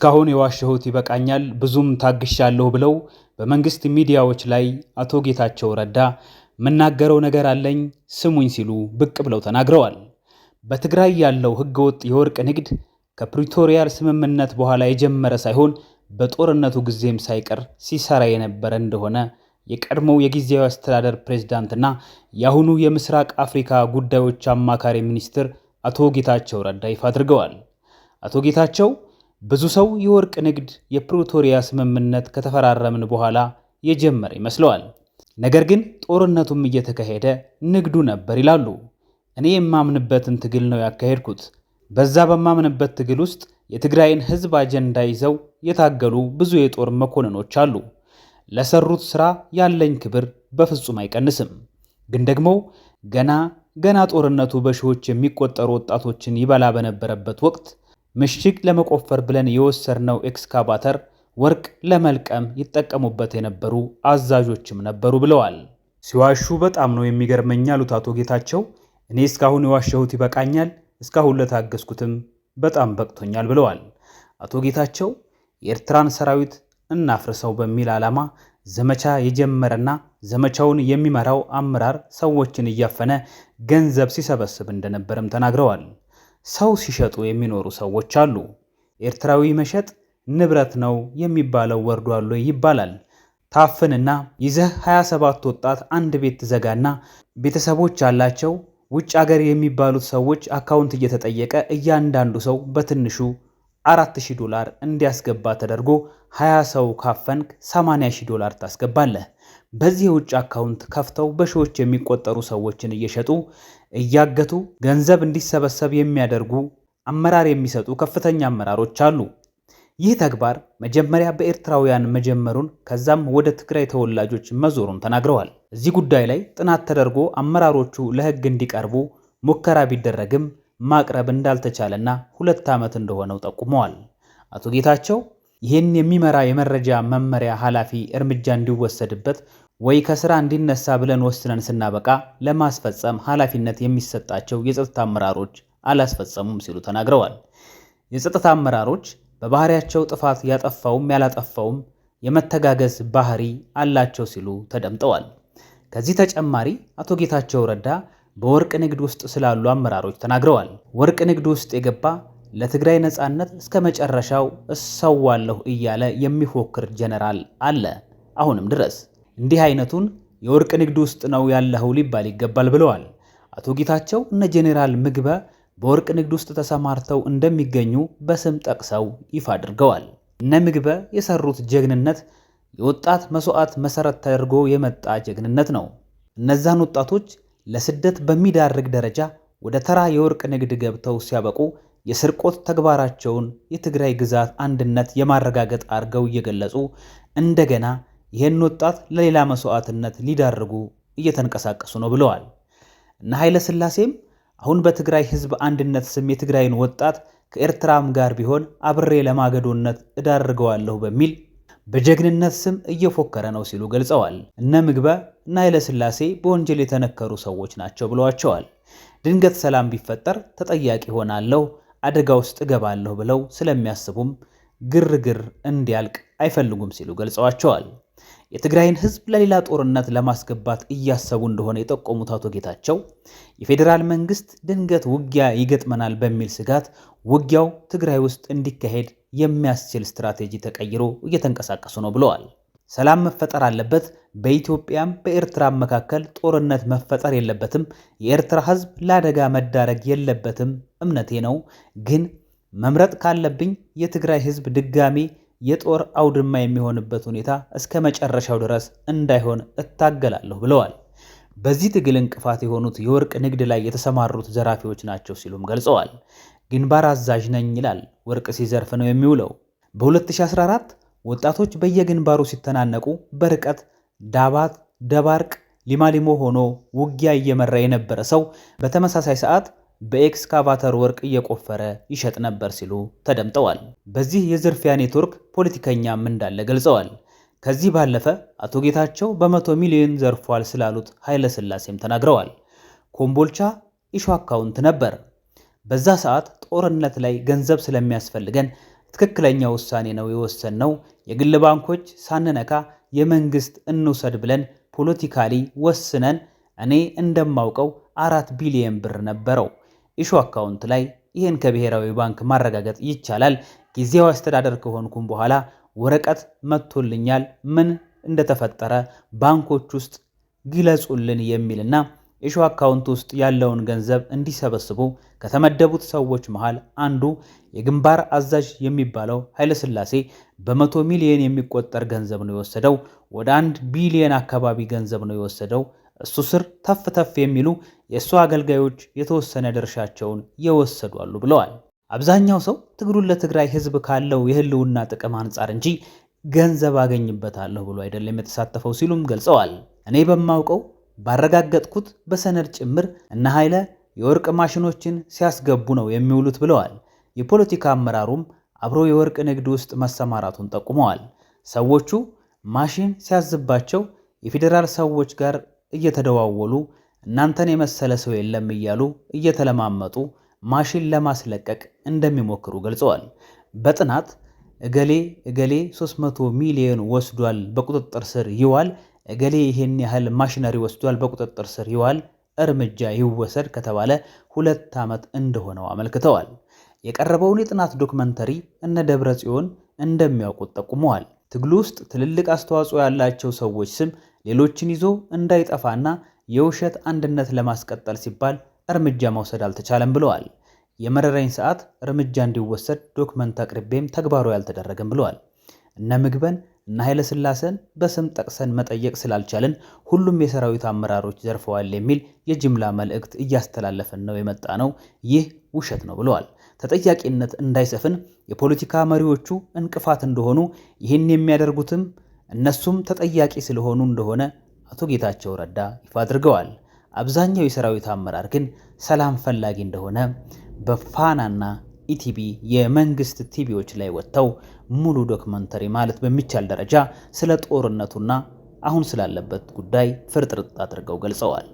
እስካሁን የዋሸሁት ይበቃኛል፣ ብዙም ታግሻለሁ ብለው በመንግስት ሚዲያዎች ላይ አቶ ጌታቸው ረዳ የምናገረው ነገር አለኝ ስሙኝ ሲሉ ብቅ ብለው ተናግረዋል። በትግራይ ያለው ህገወጥ የወርቅ ንግድ ከፕሪቶሪያል ስምምነት በኋላ የጀመረ ሳይሆን በጦርነቱ ጊዜም ሳይቀር ሲሰራ የነበረ እንደሆነ የቀድሞው የጊዜያዊ አስተዳደር ፕሬዝዳንትና የአሁኑ የምስራቅ አፍሪካ ጉዳዮች አማካሪ ሚኒስትር አቶ ጌታቸው ረዳ ይፋ አድርገዋል። አቶ ጌታቸው ብዙ ሰው የወርቅ ንግድ የፕሪቶሪያ ስምምነት ከተፈራረምን በኋላ የጀመረ ይመስለዋል። ነገር ግን ጦርነቱም እየተካሄደ ንግዱ ነበር ይላሉ። እኔ የማምንበትን ትግል ነው ያካሄድኩት። በዛ በማምንበት ትግል ውስጥ የትግራይን ሕዝብ አጀንዳ ይዘው የታገሉ ብዙ የጦር መኮንኖች አሉ። ለሰሩት ሥራ ያለኝ ክብር በፍጹም አይቀንስም። ግን ደግሞ ገና ገና ጦርነቱ በሺዎች የሚቆጠሩ ወጣቶችን ይበላ በነበረበት ወቅት ምሽግ ለመቆፈር ብለን የወሰድነው ኤክስካቫተር ወርቅ ለመልቀም ይጠቀሙበት የነበሩ አዛዦችም ነበሩ ብለዋል። ሲዋሹ በጣም ነው የሚገርመኝ ያሉት አቶ ጌታቸው እኔ እስካሁን የዋሸሁት ይበቃኛል፣ እስካሁን ለታገስኩትም በጣም በቅቶኛል ብለዋል። አቶ ጌታቸው የኤርትራን ሰራዊት እናፍርሰው በሚል ዓላማ ዘመቻ የጀመረና ዘመቻውን የሚመራው አመራር ሰዎችን እያፈነ ገንዘብ ሲሰበስብ እንደነበረም ተናግረዋል። ሰው ሲሸጡ የሚኖሩ ሰዎች አሉ። ኤርትራዊ መሸጥ ንብረት ነው የሚባለው ወርዶ አለ ይባላል። ታፍንና ይዘህ 27 ወጣት አንድ ቤት ትዘጋና ቤተሰቦች ያላቸው ውጭ አገር የሚባሉት ሰዎች አካውንት እየተጠየቀ እያንዳንዱ ሰው በትንሹ 4000 ዶላር እንዲያስገባ ተደርጎ 20 ሰው ካፈንክ 80000 ዶላር ታስገባለህ። በዚህ የውጭ አካውንት ከፍተው በሺዎች የሚቆጠሩ ሰዎችን እየሸጡ እያገቱ ገንዘብ እንዲሰበሰብ የሚያደርጉ አመራር የሚሰጡ ከፍተኛ አመራሮች አሉ። ይህ ተግባር መጀመሪያ በኤርትራውያን መጀመሩን ከዛም ወደ ትግራይ ተወላጆች መዞሩን ተናግረዋል። እዚህ ጉዳይ ላይ ጥናት ተደርጎ አመራሮቹ ለሕግ እንዲቀርቡ ሙከራ ቢደረግም ማቅረብ እንዳልተቻለና ሁለት ዓመት እንደሆነው ጠቁመዋል። አቶ ጌታቸው ይህን የሚመራ የመረጃ መመሪያ ኃላፊ እርምጃ እንዲወሰድበት ወይ ከስራ እንዲነሳ ብለን ወስነን ስናበቃ ለማስፈጸም ኃላፊነት የሚሰጣቸው የጸጥታ አመራሮች አላስፈጸሙም ሲሉ ተናግረዋል። የጸጥታ አመራሮች በባህሪያቸው ጥፋት ያጠፋውም ያላጠፋውም የመተጋገዝ ባህሪ አላቸው ሲሉ ተደምጠዋል። ከዚህ ተጨማሪ አቶ ጌታቸው ረዳ በወርቅ ንግድ ውስጥ ስላሉ አመራሮች ተናግረዋል። ወርቅ ንግድ ውስጥ የገባ ለትግራይ ነፃነት እስከ መጨረሻው እሰዋለሁ እያለ የሚፎክር ጀነራል አለ አሁንም ድረስ እንዲህ አይነቱን የወርቅ ንግድ ውስጥ ነው ያለኸው ሊባል ይገባል ብለዋል። አቶ ጌታቸው እነ ጄኔራል ምግበ በወርቅ ንግድ ውስጥ ተሰማርተው እንደሚገኙ በስም ጠቅሰው ይፋ አድርገዋል። እነ ምግበ የሰሩት ጀግንነት የወጣት መስዋዕት መሰረት ተደርጎ የመጣ ጀግንነት ነው። እነዛን ወጣቶች ለስደት በሚዳርግ ደረጃ ወደ ተራ የወርቅ ንግድ ገብተው ሲያበቁ የስርቆት ተግባራቸውን የትግራይ ግዛት አንድነት የማረጋገጥ አድርገው እየገለጹ እንደገና ይህን ወጣት ለሌላ መስዋዕትነት ሊዳርጉ እየተንቀሳቀሱ ነው ብለዋል። እነ ኃይለ ሥላሴም አሁን በትግራይ ህዝብ አንድነት ስም የትግራይን ወጣት ከኤርትራም ጋር ቢሆን አብሬ ለማገዶነት እዳርገዋለሁ በሚል በጀግንነት ስም እየፎከረ ነው ሲሉ ገልጸዋል። እነ ምግበ እና ኃይለሥላሴ በወንጀል የተነከሩ ሰዎች ናቸው ብለዋቸዋል። ድንገት ሰላም ቢፈጠር ተጠያቂ ሆናለሁ፣ አደጋ ውስጥ እገባለሁ ብለው ስለሚያስቡም ግርግር እንዲያልቅ አይፈልጉም ሲሉ ገልጸዋቸዋል። የትግራይን ህዝብ ለሌላ ጦርነት ለማስገባት እያሰቡ እንደሆነ የጠቆሙት አቶ ጌታቸው የፌዴራል መንግስት ድንገት ውጊያ ይገጥመናል በሚል ስጋት ውጊያው ትግራይ ውስጥ እንዲካሄድ የሚያስችል ስትራቴጂ ተቀይሮ እየተንቀሳቀሱ ነው ብለዋል። ሰላም መፈጠር አለበት። በኢትዮጵያም በኤርትራ መካከል ጦርነት መፈጠር የለበትም። የኤርትራ ህዝብ ለአደጋ መዳረግ የለበትም እምነቴ ነው። ግን መምረጥ ካለብኝ የትግራይ ህዝብ ድጋሚ የጦር አውድማ የሚሆንበት ሁኔታ እስከ መጨረሻው ድረስ እንዳይሆን እታገላለሁ ብለዋል። በዚህ ትግል እንቅፋት የሆኑት የወርቅ ንግድ ላይ የተሰማሩት ዘራፊዎች ናቸው ሲሉም ገልጸዋል። ግንባር አዛዥ ነኝ ይላል፣ ወርቅ ሲዘርፍ ነው የሚውለው። በ2014 ወጣቶች በየግንባሩ ሲተናነቁ በርቀት ዳባት፣ ደባርቅ፣ ሊማሊሞ ሆኖ ውጊያ እየመራ የነበረ ሰው በተመሳሳይ ሰዓት በኤክስካቫተር ወርቅ እየቆፈረ ይሸጥ ነበር ሲሉ ተደምጠዋል። በዚህ የዝርፊያ ኔትወርክ ፖለቲከኛም እንዳለ ገልጸዋል። ከዚህ ባለፈ አቶ ጌታቸው በመቶ ሚሊዮን ዘርፏል ስላሉት ኃይለ ተናግረዋል። ኮምቦልቻ ኢሹ አካውንት ነበር። በዛ ሰዓት ጦርነት ላይ ገንዘብ ስለሚያስፈልገን ትክክለኛ ውሳኔ ነው የወሰንነው። የግል ባንኮች ሳንነካ የመንግስት እንውሰድ ብለን ፖለቲካሊ ወስነን እኔ እንደማውቀው አራት ቢሊየን ብር ነበረው። ኢሹ አካውንት ላይ ይህን ከብሔራዊ ባንክ ማረጋገጥ ይቻላል። ጊዜያዊ አስተዳደር ከሆንኩም በኋላ ወረቀት መጥቶልኛል፣ ምን እንደተፈጠረ ባንኮች ውስጥ ግለጹልን የሚልና ኢሹ አካውንት ውስጥ ያለውን ገንዘብ እንዲሰበስቡ ከተመደቡት ሰዎች መሃል አንዱ የግንባር አዛዥ የሚባለው ኃይለስላሴ በመቶ ሚሊዮን የሚቆጠር ገንዘብ ነው የወሰደው። ወደ አንድ ቢሊዮን አካባቢ ገንዘብ ነው የወሰደው እሱ ስር ተፍ ተፍ የሚሉ የእሱ አገልጋዮች የተወሰነ ድርሻቸውን የወሰዱ አሉ ብለዋል። አብዛኛው ሰው ትግሉን ለትግራይ ሕዝብ ካለው የህልውና ጥቅም አንጻር እንጂ ገንዘብ አገኝበታለሁ ብሎ አይደለም የተሳተፈው ሲሉም ገልጸዋል። እኔ በማውቀው ባረጋገጥኩት በሰነድ ጭምር እነ ኃይለ የወርቅ ማሽኖችን ሲያስገቡ ነው የሚውሉት ብለዋል። የፖለቲካ አመራሩም አብሮ የወርቅ ንግድ ውስጥ መሰማራቱን ጠቁመዋል። ሰዎቹ ማሽን ሲያዝባቸው የፌዴራል ሰዎች ጋር እየተደዋወሉ እናንተን የመሰለ ሰው የለም እያሉ እየተለማመጡ ማሽን ለማስለቀቅ እንደሚሞክሩ ገልጸዋል። በጥናት እገሌ እገሌ 300 ሚሊዮን ወስዷል፣ በቁጥጥር ስር ይዋል፣ እገሌ ይሄን ያህል ማሽነሪ ወስዷል፣ በቁጥጥር ስር ይዋል፣ እርምጃ ይወሰድ ከተባለ ሁለት ዓመት እንደሆነው አመልክተዋል። የቀረበውን የጥናት ዶክመንተሪ እነ ደብረ ጽዮን እንደሚያውቁት ጠቁመዋል። ትግሉ ውስጥ ትልልቅ አስተዋጽኦ ያላቸው ሰዎች ስም ሌሎችን ይዞ እንዳይጠፋና የውሸት አንድነት ለማስቀጠል ሲባል እርምጃ መውሰድ አልተቻለም ብለዋል። የመረረኝ ሰዓት እርምጃ እንዲወሰድ ዶክመንት አቅርቤም ተግባሩ ያልተደረገም ብለዋል። እነ ምግበን እና ኃይለ ስላሴን በስም ጠቅሰን መጠየቅ ስላልቻልን ሁሉም የሰራዊት አመራሮች ዘርፈዋል የሚል የጅምላ መልእክት እያስተላለፈን ነው የመጣ ነው። ይህ ውሸት ነው ብለዋል። ተጠያቂነት እንዳይሰፍን የፖለቲካ መሪዎቹ እንቅፋት እንደሆኑ ይህን የሚያደርጉትም እነሱም ተጠያቂ ስለሆኑ እንደሆነ አቶ ጌታቸው ረዳ ይፋ አድርገዋል። አብዛኛው የሰራዊት አመራር ግን ሰላም ፈላጊ እንደሆነ በፋናና ኢቲቪ የመንግስት ቲቪዎች ላይ ወጥተው ሙሉ ዶክመንተሪ ማለት በሚቻል ደረጃ ስለ ጦርነቱና አሁን ስላለበት ጉዳይ ፍርጥርጥ አድርገው ገልጸዋል።